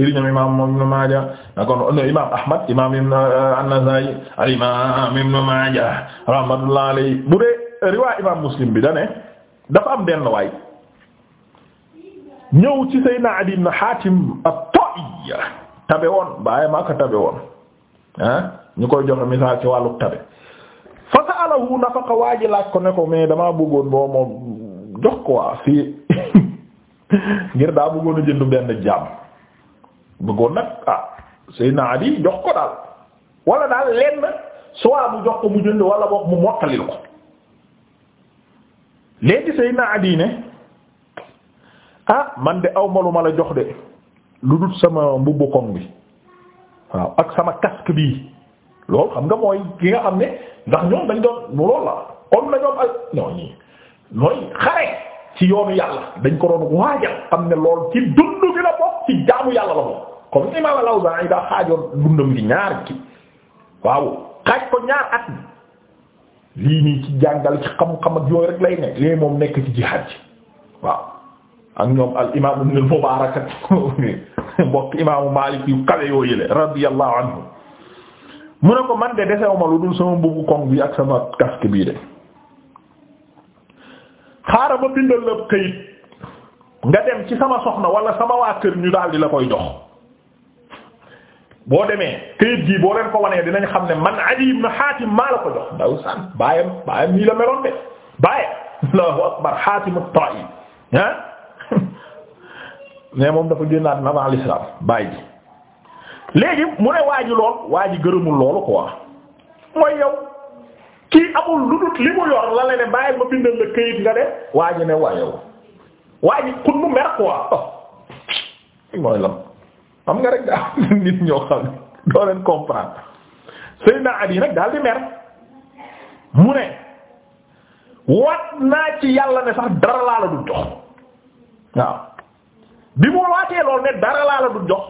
sëriñam imam Ibn Maaja nakon imam Ahmad imam ibn an Maaja rahmatullahi bu dee riwaay imam Muslim bi dane dafa am benn waay ñëw ci Seydina Adiy ibn Haatim at tabe woon bàyyi maa tabe woon ah ñu koy joxe misaal ci wàllu tabe fa sa'alahu nafaqa waa ji laaj ko ne ko mais damaa bëggoon boo moom jox ko waa fii ngir daa bëggoon a jënd benn jaam bëggoon nag ah naa Ali jox ko daal wala daal lenn soit mu jox ko mu jënd walla boog mu mottalil ko léegi Seydina Ali ne ah man de aw ma lu la jox de lu dul sama mbubbu koŋ bi waaw ak sama casque bii loolu xam nga mooy ki nga xam ne ndax ñoom dañ doon mu loolu la kon la ñoom ak ñoo xare ci yoonu yàlla dañ ko doon waajal xam ne lool ci dundu gi la bokk ci jaamu yàlla la bokk comme imam al-Awzaa'i daa xaajoon dundam gi ñaar ki waaw xaaj ko ñaar at lii nii ci jàngal ci xam-xam ak yooyu rek lay ne léegi moom nekk ci jihaad ji waaw ak ñoom al imaamu Maalik yu ko man de desewuma lu dul sama mbubu koŋ bi ak sama casque bii de xaaral ma bindal la këyit nga dem ci sama soxna wala sama waa kër ñu daal di la koy jox boo demee kayit gii boo leen ko wanee dinañ xam ne man Adiy ibn Hatim maa la ko jox ndaw san baayam baayam nii la meloon de baayam Allahu akbar Hatim at-Ta'i ah mais moom dafa génnaat na ma l'islam baay ji léegi mu ne waa lool waa ji gërëmul loolu quoi mooy yow kii amul lu dut li mu yor la le ne ma bindal la këyit nga de waa ji ne waa yow waa ji kun mu mer quoi oh mooy lam xam nga rek daa nit ñoo xam ne doo leen comprendre Seydina Ali nag daal di mer mu ne waat naa ci yàlla ne sax dara laa la du jox waaw bi mu waatee lool ne dara laa la du jox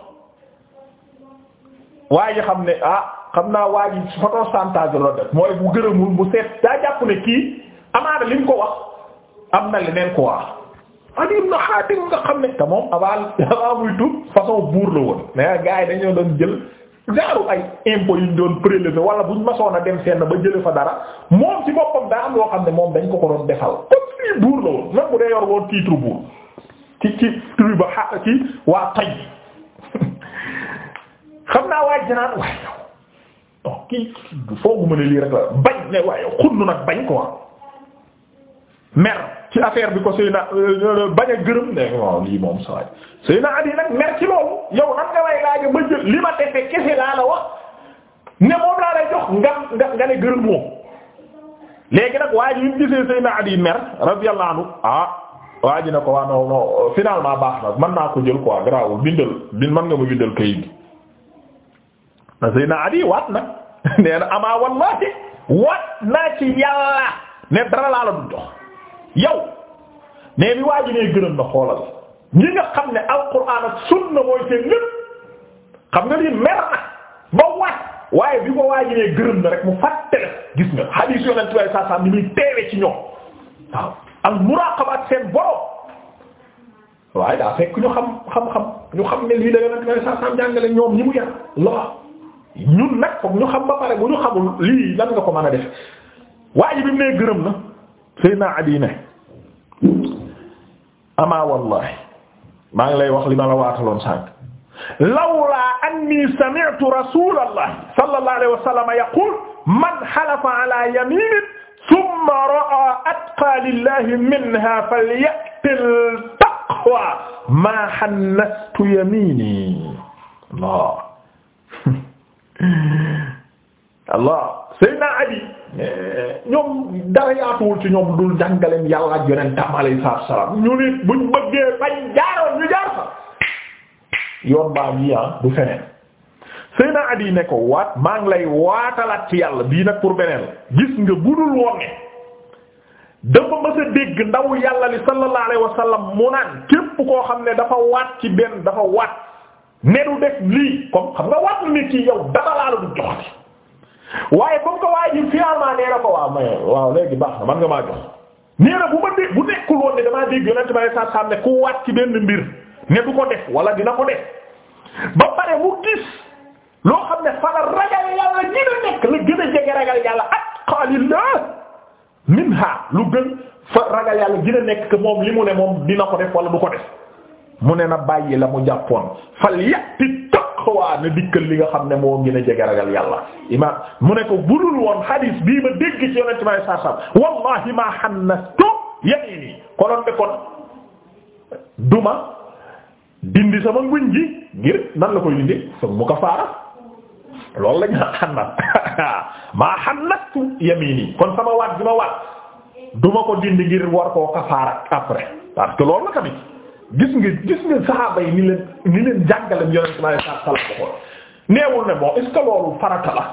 waa ji xam ne ah xam naa waa ji photocentage la def mooy bu gërëmul mu seet daa jàpp ne kii amaana li ko wax am na leneen ko wax Ali ibn Hatim nga xam ne te moom avant avant façon buur la woon mais gaa yi dañoo doon jël gaaru ay impôts yu ñu doon prélevé wala bu masoon a dem fenn ba jële fa dara moom ci boppam daa am loo xam ne moom dañ ko ko doon defal comme si buur la woon même bu dee yor woon titre buur ci ba xa ci waa toj xam naa waa janaan waaye yow donc kii foogu ma ne lii rek la bañ ne waaye xunnu nag bañ ko war ah. mer. ci affaire bi ko Seyna euh, euh, bañ gërëm ne waaw lii moom saa yi Seyna Ali nag mer ci loolu yow nan nga may laaj ba jël li ma defee kese laa la wax ne moom laa lay jox nga nga ne gërëm moom. léegi nag waa ji yu gisee Seyna Ali mer radiyallahu anhu ah waa ji ko waa non non finalement baax na mën naa ko jël quoi garaawul bindal bin mën nga ma bindal kayit gi. na Ali waat nag nee na amaa wallahi waat naa ci yàlla ne dara laa la du jox. yow mais bi waa ji nee gërëm na xoolal ñi nga xam ne alquran ak sunna mooy seen lépp xam nga lii mer na ba waaye bi ko waa ji gërëm na rek mu fàttale gis nga hadith yonent way saa ni muy teewe ci ñoom waaw al muraqaba ak seen borom waaye daa fekk ñu xam xam-xam ñu xam ne lii la yonent la saa saa jàngale ñoom ñi mu yar lool ñun nag foog ñu xam ba pare bu ñu xamul lii lan nga ko mën a def waa bi mu nee gërëm na Seydina Adi ne amaa wallahi maa ngi lay wax li ma la waataloon sànq lawlaa anni sami'tu rasuulallahi sallallahu alayhi wa sallam yaqul man halafa ala yaminin thumma ra'a atqa lillahi minha falyaqtil taqwa ma hannastu yamini Allah Allah Seydina Adi ñoom dara yaatuwul ci ñoom dul jàngaleem yàlla ak yonentam alayhi salaam ñu nit buñ bëggee bañ jaaroon ñu jaar fa yoon baa ah, maa ngi lay waatalaat ci yàlla bii nag pour beneen gis nga budul wonge dafa mës a dégg ndaw yàlla li sallallahu alayhi wa sallam mu naan képp koo xam ne dafa waat ci benn dafa waat ne du def lii comme xam nga waat nit ci yow dara laa la du joxati waaye comme que waa ji finalement nee ko waaw mais waaw léegi baax na man nga maa jox nee bu ma dé bu nekkul woon ne damaa dégg yonent ba saa saam ne ku waat ci benn mbir ne du ko def wala dina ko def ba pare mu gis loo xam ne fana ragal yàlla ñi na nekk la gën a jege ragal yàlla atqalillah minha lu gën fa ragal yàlla gën a nekk que moom li mu ne moom dina ko def wala du ko def mu ne na bàyyi la mu jàppoon fal taqwa ne dikkal li nga xam ne moo gën a jege ragal yàlla imaam mu ne ko budul woon hadis bii ma dégg ci yonent may saasam wallahi ma hannastu yamini konoon dindi sama nguñ gi la koy dindi sama mu kafaara loolu lañ naan xannat maa hannastu yamini kon sama waat bi ma waat duma ko dindi ngir war koo kafaara après parce que loolu la tamit gis nga gis nga saxaaba yi ni leen ni leen jàngalem yonent bi alayhi salaam ko neewul ne bon est ce que loolu farata la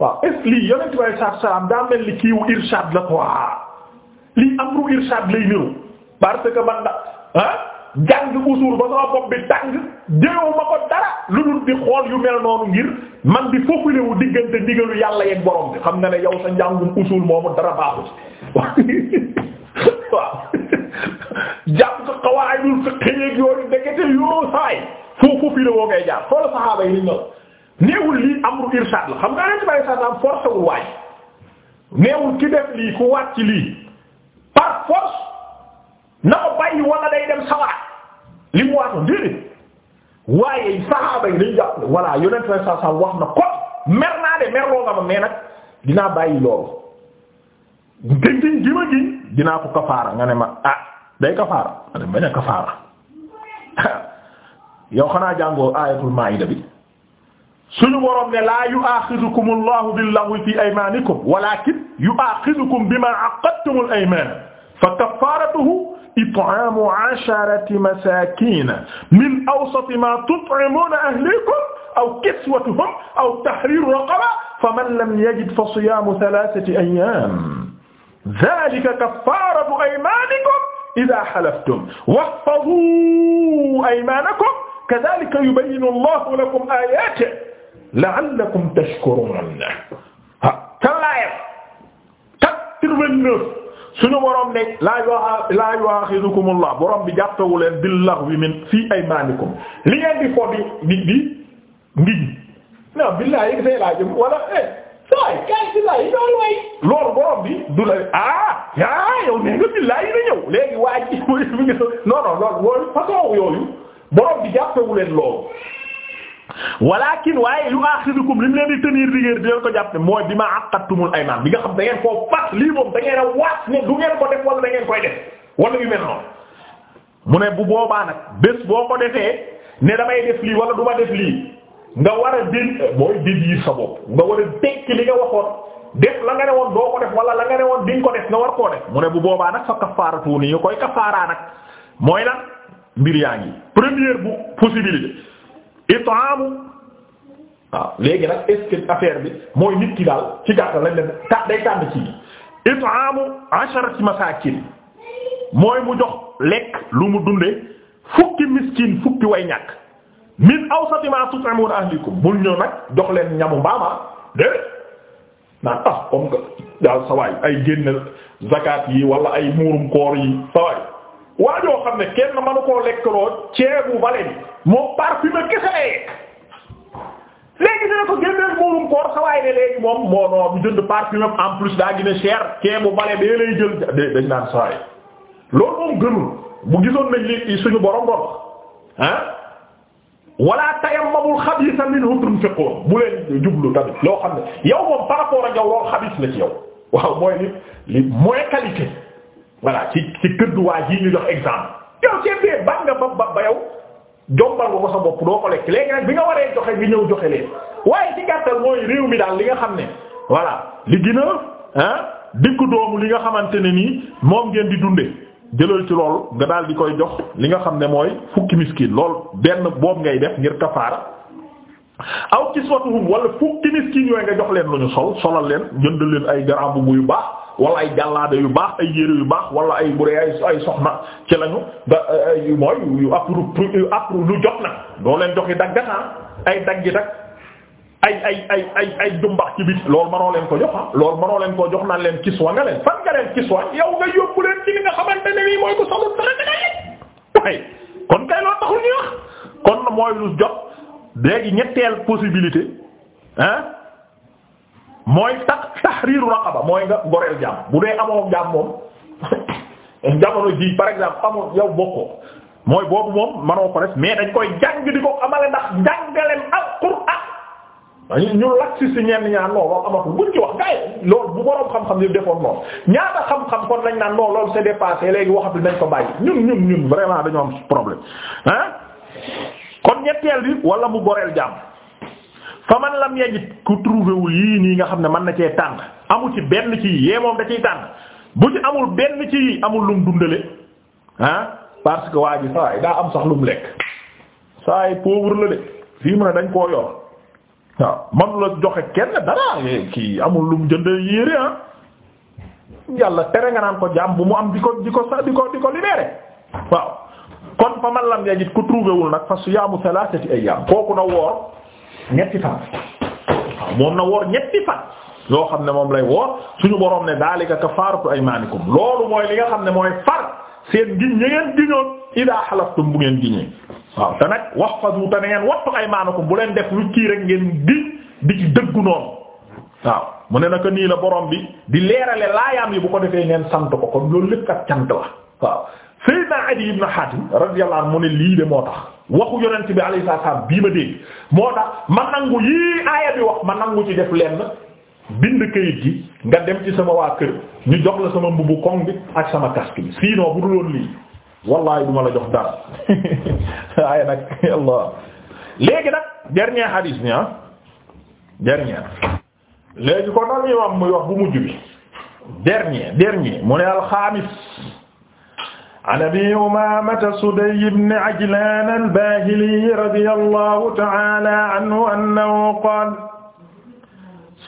waaw est lii yonent bi salaam daa mel ni kiiwu irshad la quoi lii amru irshad lay niru parce ah, jàng usul ba sama bopp bi tàng jëlewu ma ko dara lu dul di xool yu mel noonu ngir man di foofulewu diggante ndigalu yàlla yeeg borom bi xam na ne yow sa njàngum usul moomu dara baaxut waaw jàpp ko qawaa'idul fiqh yooyu ndekete yoo saay foofu fi woo ngay jaar xoolal saxaaba yi ñu neewul lii amru irshad la xam nga ay tubaab irshad am force wul waay neewul ki def lii ku wàcc lii par force na ko bàyyi wala day dem sawara li mu waatoon déedéet waaye saxaaba yi dañu jàpp voilà yonent bi saa saa wax na ko mer naa de mer loo nga ma mais nag dinaa bàyyi loolu. dégg nga ji dinaa ko kafaara nga ne ma ah day kafaara nga ne bañ a kafaara yow xanaa jàngoo ayatul maida bi suñu boroom ne laa yu'aaxizukumu allahu bil-laghwi fi aymaanikum walaakin yu'aaxizukum bimaa 'aqadtumul aymaan fa kaffaaratuhu it'aamu 'asharati masaakiin min awsati maa tut'imuuna ahliikum aw kiswatuhum aw tahriiru raqaba faman lam yajid fa siyaamu thalaasati ayyaam zalika kaffaratu aymanikum idha halaftum wahfazu aymanakum kadhalika yubayyinu Allahu lakum ayatihi la'allakum tashkurun suñu borom ne laa yoo laa yu'akhidhukumullah borom bi jàppewu leen bil laghwi min fii aymaanikum li ngeen di fo di di di ngiñ non billahi day laa jëm wala eh saay kaay si laay loolu way loolu borom bi du la ah yaa yow nee nga billaay yi na ñëw léegi waa ji mu ngi non non loolu loolu façon yooyu borom bi jàppewu leen loolu walakin waaye yu axidukum lim leen di tenir rigueur di leen ko jàpp ne mooy bi ma aqattumul ayman bi nga xam da ngeen koo lii moom da ngeen a waat ne du ngeen ko def wala da ngeen koy def wala yu mel noonu mu ne bu boobaa nag bés boo ko defee ne damay def lii wala du ma def lii nga war a dén mooy dédire sa bopp nga war a tekki li nga waxoon def la nga ne woon doo ko def wala la nga ne woon di ko def nga war koo def mu ne bu boobaa nag fa kafaaratu ni ñu koy kafaaraa nag mooy nag mbir yaa ngi première bu possibilité it'amu waaw léegi nag est affaire bi mooy nit ki daal ci gàttal lañ leen ta day tànn ci it'amu asharati masakin mooy mu jox lekk lu mu dunde fukki miskin fukki way ñàkk min awsati ma tut'amuna ahlikum bul ñëw nag jox leen ñamu mbaama naan ah comme daal sawaay ay génn zakat yi wala ay muurum koor yi sawaay waa joo xam ne kenn mënu koo lekkaloo ceebu bale bi moom parfumé kese la yegg léegi dina ko génneel muurum koor sawaay ne léegi moom moo noo jënd parfumé en plus daa gën a cher ceebu bale bee lay jël dañ naan sawaay loolu moom gënul bu gisoon nañ li suñu borom doon ah. wala tayammamul xabiisa minhu tunfiqun bu leen jublu tamit loo xam ne yow moom par rapport ak yow loolu xabis la ci yow waaw mooy li li mooy qualité jox exemple. yow ceeb doo ko bi nga waree joxe bi ñëw joxe leen waaye ci gàttal mooy réew mi daal li nga xam ne voilà li gën a ah doomu li nga xamante ne nii moom ngeen di dundee. jëlal ci loolu nga daal koy jox li nga xam ne mooy fukki miskin lool benn boobu ngay def ngir kafaara aw kiswatuhum wala fukki miskin yooyu nga jox leen lu ñu sol solal leen jënd leen ay garambu yu baax wala ay jàllaade yu baax ay yére yu baax wala ay bu ay soxna ci lañu da mooy yu apru yu apru lu jot na doo leen jox yi daggataan ay daggi dag ay ay ay ay ay jumbax ci bit loolu manoo leen ko jox ah loolu manoo leen ko jox naan leen kiswa nga leen fan nga leen kiswa yow nga yóbbu leen ci li nga xamante ne nii mooy ko solul dara nga leen kon kay loolu taxul ñuy wax kon mooy lu jot léegi ñetteel possibilité ah, mooy tax tahriru raqaba mooy nga goreel jàmm bu dee amoo jàmm moom jamono ji par exemple amoo yow bokkoo mooy boobu moom manoo ko def mais dañ koy jàng di ko amale ndax jàngaleem al Qur'an dañu ñu laksi si ñenn ñaan non loolu amatu buñ ci wax gars yi loolu bu borom xam-xam yi defoon noonu ñaata xam-xam kon nañ naan non loolu c'est dépassé léegi waxatu nañ ko bàyyi ñun ñun ñun vraiment dañoo am problème ah. kon ñetteel bi wala mu goreel jàmm fa man lam yajid ku trouvé wul yii nii nga xam ne mën na cee tànn amul ci benn ci yee moom da ciy tànn bu ci amul benn ci amul lum dundale ah parce que waa ji saa yi daa am sax lum lekk saa yi pauvre la de fii mu waaw man la joxe kenn dara kii amul lu mu jënd yére ah yàlla tere nga naan ko jaam bu mu am di ko di ko di ko di ko libéré waaw kon fa man lam ku trouvé wul nag fa siyaamu thalathati ayyam kooku na woor ñetti fan waaw moom na woor ñetti fan yoo xam ne moom lay woor suñu boroom ne daalika kafaaratu aymaanikum loolu mooy li nga xam ne mooy far seen giñ ña ngeen giñoon idaa halaftum bu ngeen giñee waaw te nag wax fa du te ne ngeen wattu ay ko bu leen def lu kii rek ngeen di di ci dëggu noonu waaw mu ne naka nii la borom bi di leerale laayaam yi bu ko defee ngeen sant ko kon loolu lépp kat cant la waaw Sayyidina Adi ibn Hatim radiyallahu anhu mu ne lii de moo tax waxu yonent bi alayhi salaam bii ma dégg moo tax ma nangu yii aaya bi wax ma nangu ci def lenn bind kayit gi nga dem ci sama waa kër ñu jox la sama mbubu koŋ bi ak sama casque bi wallahi duma la jox dara waaye nag allah léegi nag dernier hadith ni ah dernier léegi kon nag imam muy wax bu mujj bi dernier dernier mu ne alxaamis an abi umamata suday ibn ajlan albahili radiyallahu ta'ala anhu annahu qala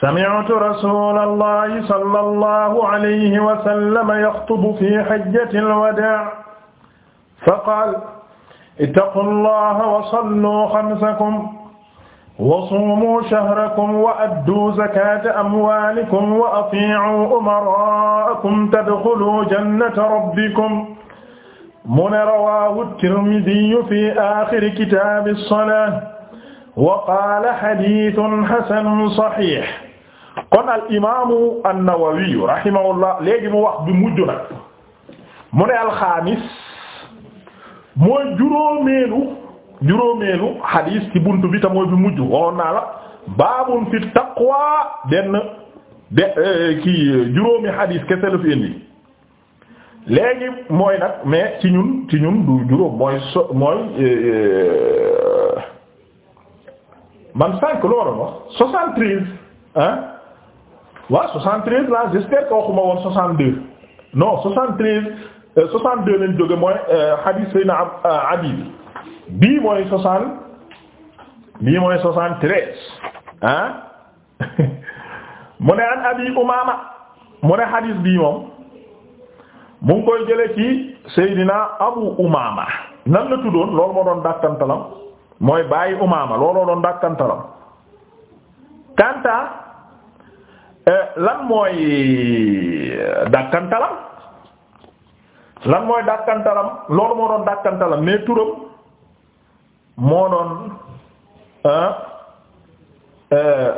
sami'tu rasulallahi sallallahu alayhi wa sallam yaxtubu fi hajjatil wadaa' faqaal ittaqullaha wa sallu xamsakum wa suumu shahrakum wa adduu zakata amwaalikum wa atiicu umaraa'akum tadxuluu jannata rabbikum mu ne rawaahu tirmidiyu fi aaxiri kitaabi salaat wa qaala xadiisun xasanun saxiix kon al imaamu annawawiyu rahimahullah léegi mu wax bi mujj nag mu ne alxaamis mooy juróomeelu juróomeelu xadiis ci buntu bi te mooy bi mujj waxoon naa la baabun fi taqwa benn de eh, kii juróomi xadiis kese la fi indi léegi mooy nag mais ci ñun ci ñun du juróom mooy so mooy eh, eh, man cinq loolu wax soixante treize hein waaw soixante treize là j'espère waxuma woon soixante deux non soixante treize 62 leen jóge mooy euh, hadith sayna Abi euh, bii mooy 60 bii mooy 73 ah mu ne an Abi Umaama mu ne hadith bii moom mu ngi koy jële ci Seydina Abu Umaama nan la tuddoon loolu moo doon dàkkantalam mooy bàyyi Umaama looloo doon dàkkantalam kanta euh, lan mooy dàkkantalam lan mooy dàkkantalam loolu moo doon dàkkantalam mais turam moo doon euh,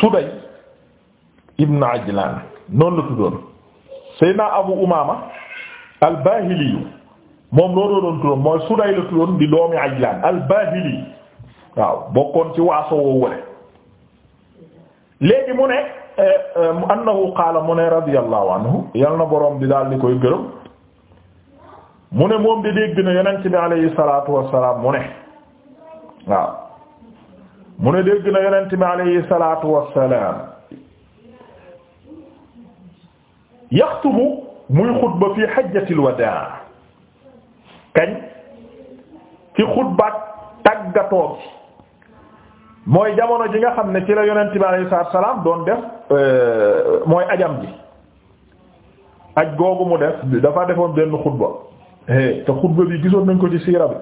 Suday ibn Ajlan noonu la tuddoon Seydina Abu Umaama al-Baahili moom loolu doon tuddoon mooy Suday la tuddoon di doomi Ajlan al-Baahili waaw bokkoon ci waaso woo wële léegi mu ne Eh, eh, annahu qaala mu ne radiyallahu anhu yal na boroom di daal di koy gërëm mu ne moom di dégg na yonent bi alayhi salaatu wassalaam mu ne waaw mu ne dégg na yonent bi alayhi salaatu wassalaam yaxtubu muy xutba fi hajjatil wadaa kañ ci xutba tàggatoo bi mooy jamono ji nga xam ne ci la yonent bi alayhi salaam doon def euh, mooy ajam ji aj googu mu def dafa defoon benn xutba eh, te xutba bi gisoon nañ ko ci siira bi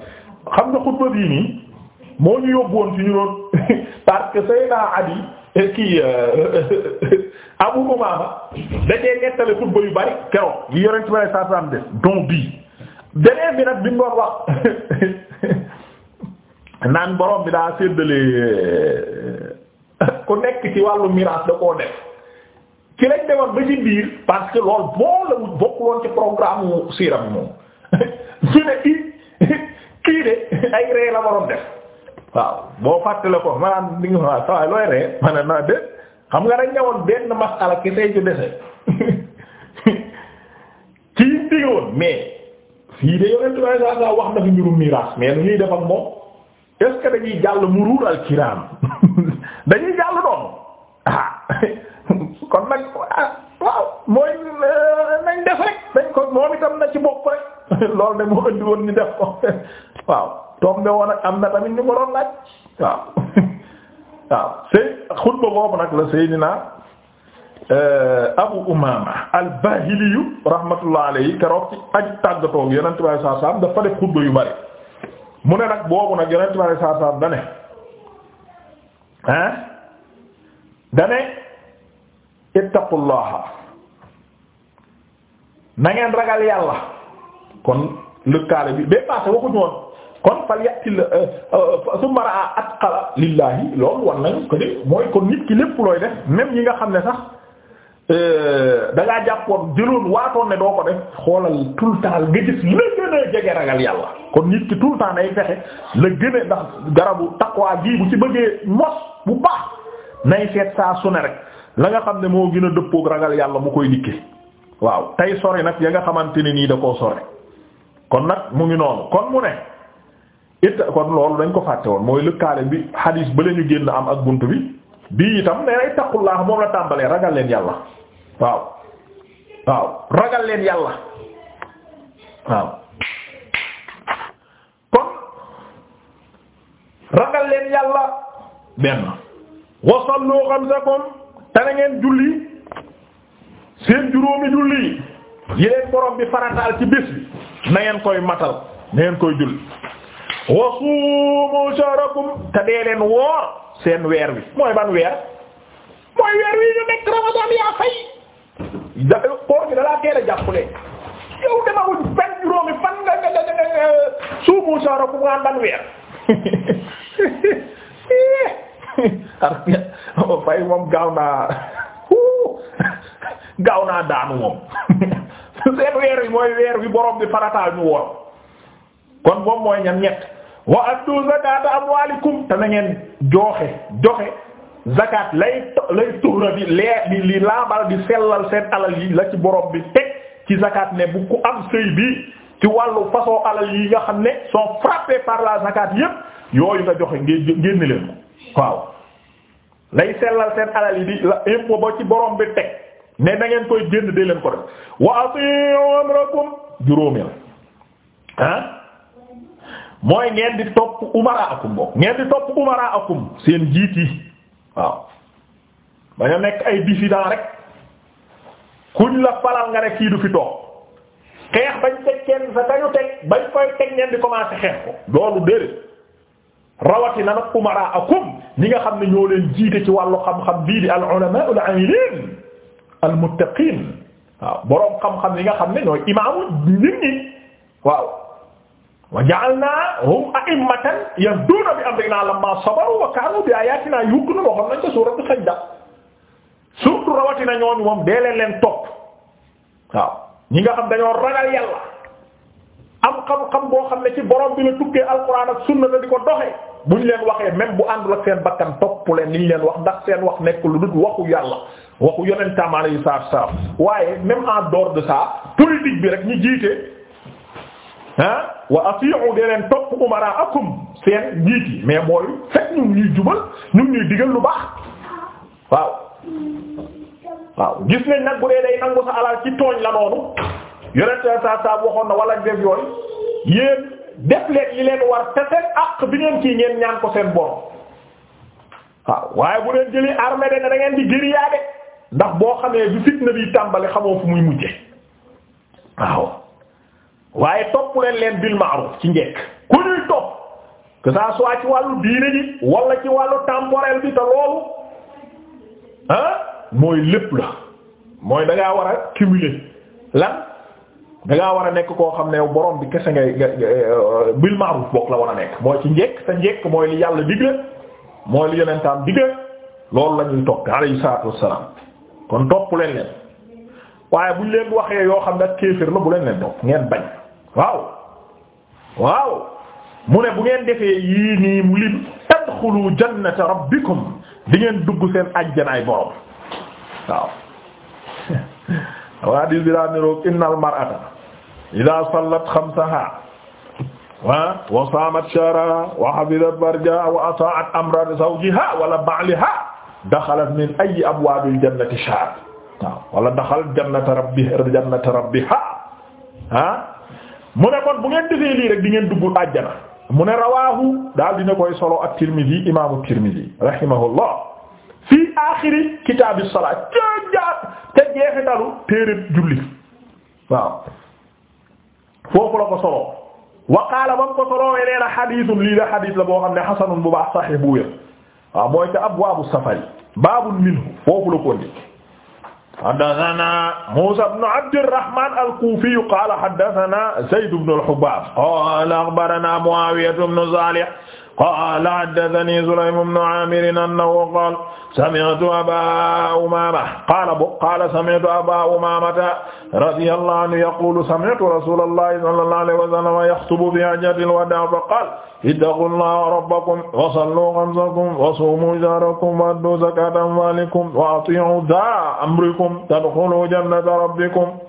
xam nga xutba bii nii moo ñu yóbbu woon ci ñu doon parce que Seydina eh, euh, euh, Abu Umaama da cee xutba yu bari keroog yi yonent bi alayhi salaam def don bii beneen bi nag bi wax naan borom bi daa séddale ku nekk ci wàllu miraas da koo def ci lañ demoon ba ci biir parce que lool boo la bokkul woon ci programme wu siiram moom ñu ne kii kii de ay ree la waroon def waaw boo fàttale ko ma naan di nga sawaay looy ree ma ne naa xam nga dañ ñëwoon benn masala ki tey ju dese kii digg woon mais fii de yonentu Yàlla wax na fi mbirum miraas mais nu ñuy def moom est-ce que dañuy jàll muruur al kiram dañuy jàll doon ah kon nag ah waaw mooy euh, nañ def rek dañ ko moom itam na ci bopp rek loolu de moo indi woon ñu def ko waaw toog ne woon ak am na tamit ñu ko doon laaj waaw waaw sëy xutba boobu nag la Seydina euh, Abu Umaama al-Baahili rahmatullah alayhi keroog ci aj tàggatoog Yonent bi sallallahu dafa def xutba yu bari mu ne nag boobu nag yonent bi saa saa dane hein dane ittaqullaha na ngeen ragal yàlla kon lëkkaale bi bee paase waxuñu woon kon fal la euh, euh, summa raa atqala lillahi loolu war ko de mooy kon nit ki lépp looy def même yi nga xam ne sax Euh, da ngaa jàppoon jëloon waatoon ne doo ko def xoolal tout le temps nga gis la gën a jege ragal yàlla kon nit ki tout le temps day fexe la gën a ndax garabu taqwa ji bu ci bëggee mos bu baax nay seet saa su ne rek la nga xam ne moo gën a dëppook ragal yàlla mu koy dikke waaw tey sori nag ya nga xamante ni nii da koo sori kon nag mu ngi noonu kon mu ne it kon loolu dañ ko fàtte woon mooy lëkkaale bi hadis ba la ñu génn am ak bunt bi. bii itam nee nay taqullah moom la tàmbalee ragal leen yàlla waaw waaw ragal leen yàlla waaw kon ragal leen yàlla benn wasallu xamsakum te na julli seen juróomi julli yi leen borom bi farataal ci bés bi na koy matal na ngeen koy julli wasuumu sharakum te dee leen woor seen weer wi mooy ban weer mooy weer wi nekk ramadan yaa fay da koor gi dalaa teel a jàppale yow dama wuñ benn juróomi fan nga nga nga nga suumu sooro bu nga ban weer oh, fay moom gaaw naa gaaw naa daanu moom seen weer wi mooy weer wi borom bi farataal ñu woon kon moom mooy ñan wa addu zakata te na ngeen joxe joxe zakat lay lay tuhra bi leer bi li laabal di sellal seen alal yi la ci borom bi teg ci zakat ne bu ku am sëy bi ci wàllu façon alal yi nga xam ne sont frappés par la zakat yépp yooyu nga joxe ngay génn leen ko waaw lay sellal seen alal yi di la impôt ba ci borom bi teg ne da ngeen koy génn dee leen ko def wa ati'u amrakum juróomi la ah mooy ngeen di topp umara akum ngeen di topp umara akum seen jiit yi waaw baña nekk ay dissident rek kuñ la falal nga ne kii du fi toog xeex bañ teg teg bañ koy teg ngeen di commencer xeex ko loolu déedéet rawatina nag umara akum nga xam ne ñoo leen jiite ci wàllu xam-xam bii di al ulama al amilin yi nga xam ne ñooy imaamu nit ñi waaw wa ja'alnaahum a'immatan yahduuna bi amrinaa lammaa sabaru wa kaanu bi aayaatinaa yuuqinuun waxoon nañ ko suuratu sajda surtout rawatina ñooñu moom dee leen leen topp waaw ñi nga xam dañoo ragal yàlla am xam-xam boo xam ne ci borom bi la tukkee alquran ak sunna la di ko doxee bu ñu leen waxee même bu àndul ak seen bakkan topp leen li ñu leen wax ndax seen wax nekk lu dul waxu yàlla waxu yu alayhi salaam waaye même en dehors de ça politique bi rek ñu jiite wa atii'u de leen topp umaraakum seen njiit yi mais mooy fekk ñu ñuy jubal ñu ñuy digal lu baax waaw waaw gis nañ nag bu dee day nangu sa alal ci tooñ la noonu yonent sa sa waxoon na wala def yooyu yéen def leen li leen war te seen àq bi ngeen kii ngeen ñaan ko seen borom waaw waaye bu leen jëli armée de ne da di guérilla de ndax boo xamee bi fitna bi tàmbali xamoo fu muy mujje waaw waaye topp leen leen bil ma'ruf ci njekk ku ñuy topp que ça soit ci wàllu diine ji wala ci wàllu temporel bi te loolu ah mooy lépp la mooy da war a cumuler lan da war a nekk koo xam ne borom bi kese ngay euh, bil ma'ruf bokk la war a nekk mooy ci njekk te njekk mooy li yàlla digle mooy li yonentam digle loolu la ñuy topp alayhi salaatu wassalaam kon topp leen leen waaye buñ leen waxee yoo xam ne kéefër la bu leen leen topp ngeen waaw waaw mu ne bu ngeen defee yii nii mu lim tadxulu jannata rabbikum di ngeen dugg seen ajjanaay borom waaw waa di bi daa niroog innal mar'ata ida sallat xamsaha wa wa saamat shahraha wa hafidat farjaha wa ata'at amra zawjiha wala ba'liha daxalat min ayyi abwaabil jannati sha'r waaw wala daxalat jannata rabbiha jannata rabbiha ha mu ne kon bu ngeen defee lii rek di ngeen dugg àjjana mu ne rawaahu daal dina koy solo ak Tirmidhi imaamu Tirmidhi rahimahullah fii aaxiri kitaabi salaat ca jaar ca jeexitalu téereeb julli waaw foofu la ko solo waqaala ba ko solo wee nee na lii la xadiis la boo xam ne xasanun bu baax saxiix bu wér waaw mooy ca abwaabu safari baabun minhu foofu la ko haddasanaa Muusaa ibnu Abdirrahmaan al-Kuufi qaala haddasanaa Zayd ibnu al-Hubaab qaala axbaranaa Mu'aawiya ibnu Saalih qaala haddathanii Sulaym ibn Aamir annahu qaala sami'tu Abaa Umaama qaala bu qaala sami'tu Abaa Umaamata radiyallahu anhu yaqulu sami'tu rasuulallahi sallallahu alayhi wa sallam yaxtubu bi hajjatil wadaa' fa qaala ittaqullaha rabbakum wa sallu khamsakum wa suumu shahrakum wa addu zakata amwaalikum wa atii'u dhaa amrikum tadkhulu jannata rabbikum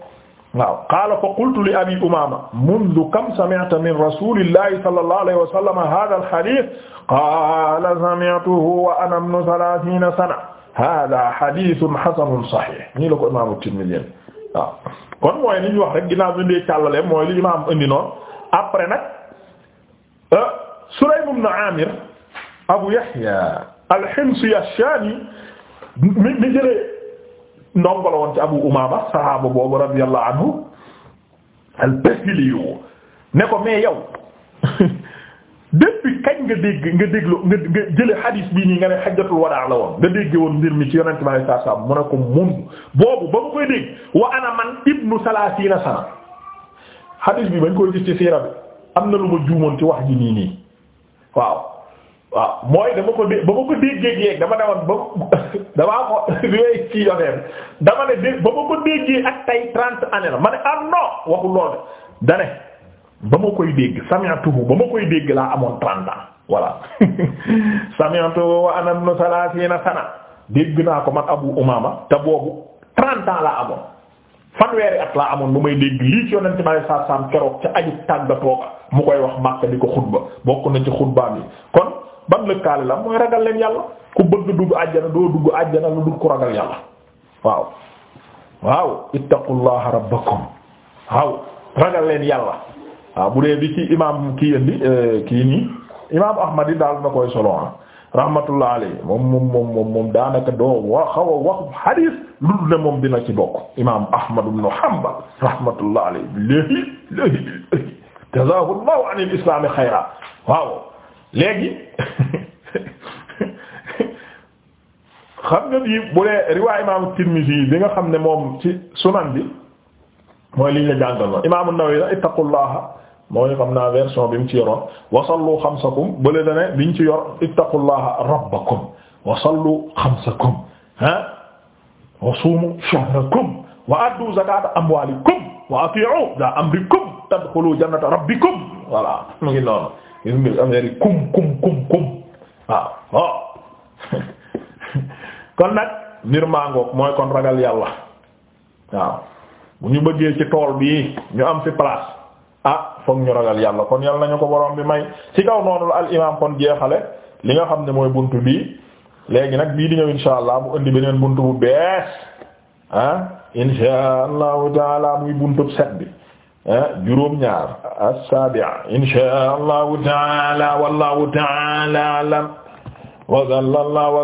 waaw qaala fa qultu li abi umama mundu kam sami'ta min rasulillahi sallallahu alayhi wa sallam hadha alhadith qaala sami'tuhu wa ana ibnu thalathina sana hadha hadithun hasanun sahih nii la ko imaamu Tirmidhi waaw kon mooy li ñu wax rek ginnaaw bi ndee càllale mooy li imaam indi noonu après nag euh, Sulaym ibn Amir Abu Yahya al-Himsi ash-Shami mi jëlee ndongo la woon ci Abu Umaama saxaaba boobu radiyallahu anhu al-Bahili ne ko mais yow depuis kañ nga dégg nga déglu nga nga jële hadis bii nii nga ne hajjatul wadaa la woon nga dégg woon mbir mi ci yonent bi sallallahu alayhi wasallam mu ne ko mun boobu ba mu koy dégg wa ana man ibnu salaasiina sana hadis bi bañ koy gis ci siira bi am na lu ma juumoon ci wax ji nii nii waaw waaw mooy dama ko dé- ba ma ko déggee yéeg dama demoon ba damaa ko li may ci yoneen dama ne dé- ba ma ko déggee ak tay trente années la ma ne am ah non waxul loolu de dane ba ma koy dégg sami'tuhu ba ma koy dégg laa amoon trent ans voilà sami'tuhu wa ana ibn sana dégg naa ko man Abu Umama te boobu trente ans laa amoon fanweeri at laa amoon bu may dégg lii ci yonente bi alei saatu salaam keroog ca aju tàggatoo ba mu koy wax Makka di ko xutba bokk na ci xutbaam yi kon ban lëkkaali la mooy ragal leen yàlla ku bëgg dugg àjjana doo dugg àjjana lu dul ku ragal yàlla waaw waaw ittaqullaha rabbakum waaw ragal leen yàlla waaw bu dee bi ci imaam kii indi eh, kii nii imaam Ahmad daal na koy solo ah. rahmatullah alayhi moom moom moom moom moom daanaka doo wa xaw a wax hadis lul ne moom dina ci bokk imam ahmad ibn hanbal rahmatullah alayhi léegi léegi jazaahu llahu an il islami xayra waaw léegi xam nga bi bu dee riwaay imam Tirmidhi bi nga xam ne moom ci sunan bi mooy liñ la jàngal noonu imam an-Nawawi ittaqullaha mooy xam naa version bi mu ci yoroon wasallu xamsakum bële dane biñ ci yor ittaqullaha rabbakum wasallu xamsakum ah wasuumu shahrakum wa addu zakata amwalikum wa ati'u da amrikum tadkhulu jannata rabbikum voilà mu ngi noonu gis ngi affaire yi kum kum kum kum kon nag mbir maangoog mooy kon ragal yàlla waaw bu ñu bëggee ci tool bii ñu am fi place foog ñu ragal yàlla kon yàlla ko borom bi may ci kaw noonu la al imaam kon jeexale li nga xam ne mooy buntu bii léegi nag bii di ñëw insha allah mu indi beneen buntu bu bees ah insha allahu taala muy buntu set bi ah juróom ñaar as-sabi'a taala wallahu taala alam wa sallallahu